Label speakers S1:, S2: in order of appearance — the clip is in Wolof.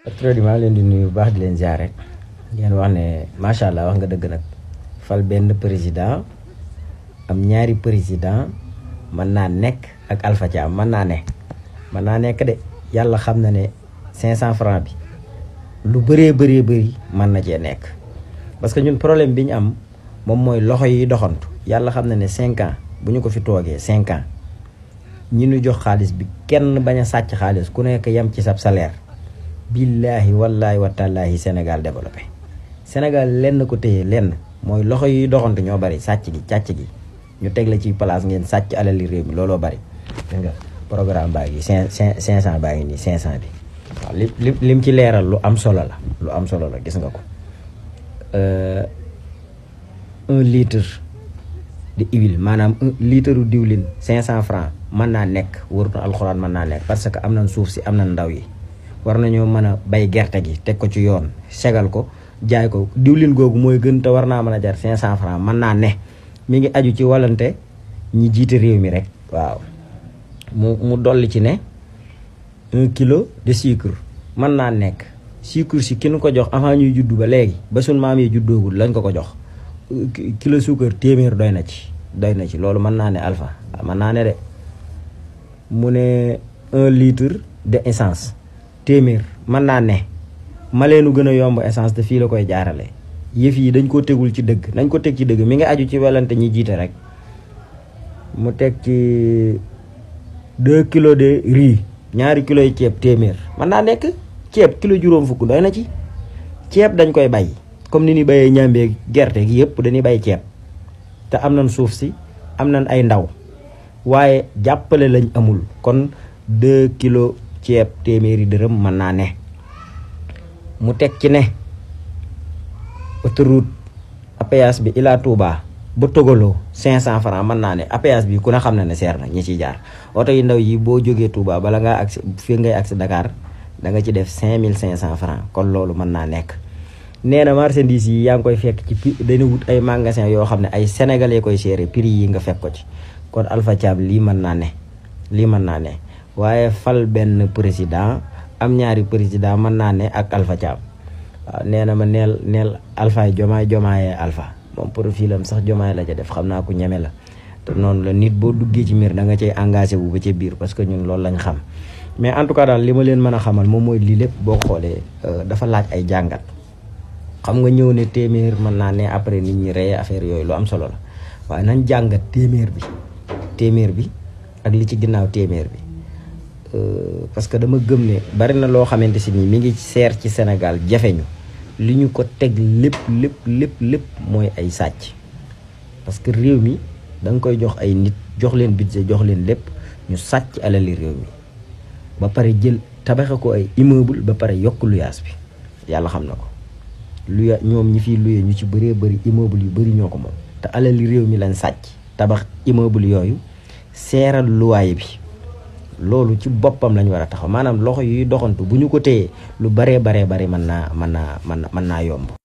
S1: patriote di malen di nuyu bah di len ziare rek leen wax ne macha allah wax nga dëgg nag fal benn président am ñaari président mana nek ak Alpha Thiam mana naa ne mën naa nekk de yàlla xam na ne 500 francs bi lu beri beri beri mën na cee nekk parce que ñun problème bi am mom mooy loxo yi doxantu yàlla xam na ne 5 ans ka, ko fi 5 ans ñi ñu jox bi kenn bañ a sàcc ku nekk yam ci sab salaire billahi wallahi wa tallahi senegal développé senegal lenn ko téye lenn moy loxo yi doxantu ñoo bari sàcc gi càcc gi ñu teg la ci place ngeen sàcc alali réew mi lolo bari nga programme baagi 500 baagi ni 500 bi lim lim ci leeral lu am solo la lu am solo la gis nga ko euh 1 litre de huile maanaam un litre diwlin 500 francs man na nek wër alcorane man na nek parce que amna souf ci amna ndaw yi war nañoo mën a bay gerte gi teg ko ci yoon segal ko jaay ko diwlin googu mooy gën te war naa mën a jar 500 francs mën naa ne mi ngi aju ci walante ñi jiite réew mi rek waaw mu mu dolli ci ne kilo de mën naa nekk sucre si ki ko jox avant ñuy juddu ba léegi ba maam juddoogul lañ ko ko jox kilo suukar téeméer doy na ci doy na ci loolu mën naa ne alpha mën naa ne mu ne un litre de essence téeméer man naa ne maleenu gën a yomb essence te fii la koy jaarale yëf yi dañ ko tegul ci dëgg nañ ko teg ci dëgg mi ngi aju ci welante ñi jiite rek mu teg ci deux kilos de riz ñaari kilos ceeb téeméer mën naa nekk ceeb kilo juróom fukk doy na ci ceeb dañ koy bay comme ni ñuy bayee ñàmbee gerte gi yëpp dañuy bay ceeb te am nañ suuf si am nañ ay ndaw waaye jàppale lañ amul kon deux kilos ceeb téeméeri dërëm mën naa ne mu teg ci ne autoroute APS bi Ila Touba ba Togoloo cent francs mën naa ne APS bi ku ne xam ne ne seer na ñi ciy jaar oto yu ndaw yi boo jógee Touba bala nga agsi fii ngay agsi Dakar da nga ci def cinq cinq mille cent francs kon loolu mën naa nekk nee na marchandise yi yaa ngi koy fekk ci prix dañu wut ay magasin yoo xam ne ay sénégalais koy seere prix yi nga fekk ko ci kon lii mën naa ne lii mën naa ne waye fal ben président am ñaari président man na né ak Alpha Thiam ah, néna na ma nél nél Alpha Diomaye Diomaye Alpha moom profilam sax Diomaye la ca def xamna naa ko ñeme la té non la nit bo duggé ci mir da nga cey engagé wu ba ca biir parce que ñun lool lañ xam mais en tout cas dal lima leen mëna xamal mom moy li lepp bo xolé euh, dafa laaj ay jangat xam nga ñëw né téeméer man na né après nit ñi réy affaire yoy lu am solo la waye nañ jàngat téeméer bi téeméer bi ak li ci ginnaw téeméer bi Euh, parce que dama gëm ne bari na loo xamante si nii mi ngi seer ci Sénégal jafeñu li ñu ko teg lépp lépp lépp lépp mooy ay sàcc parce que réew mi da koy jox ay nit jox leen budget jox leen lépp ñu sàcc alali réew mi ba pare jël tabaxe ko ay immeuble ba pare yokk luyaas bi yàlla xam na ko luya ñoom ñi fiy luye ñu ci bëree bëri immeuble yu bëri ñoo ko moom te alali réew mi lañ sàcc tabax immeuble yooyu seeral luwaay bi loolu ci boppam lañ war a taxaw maanaam loxo yuy doxantu bu ñu ko téyee lu baree baree bari mën naa mën naa mën mën naa yomb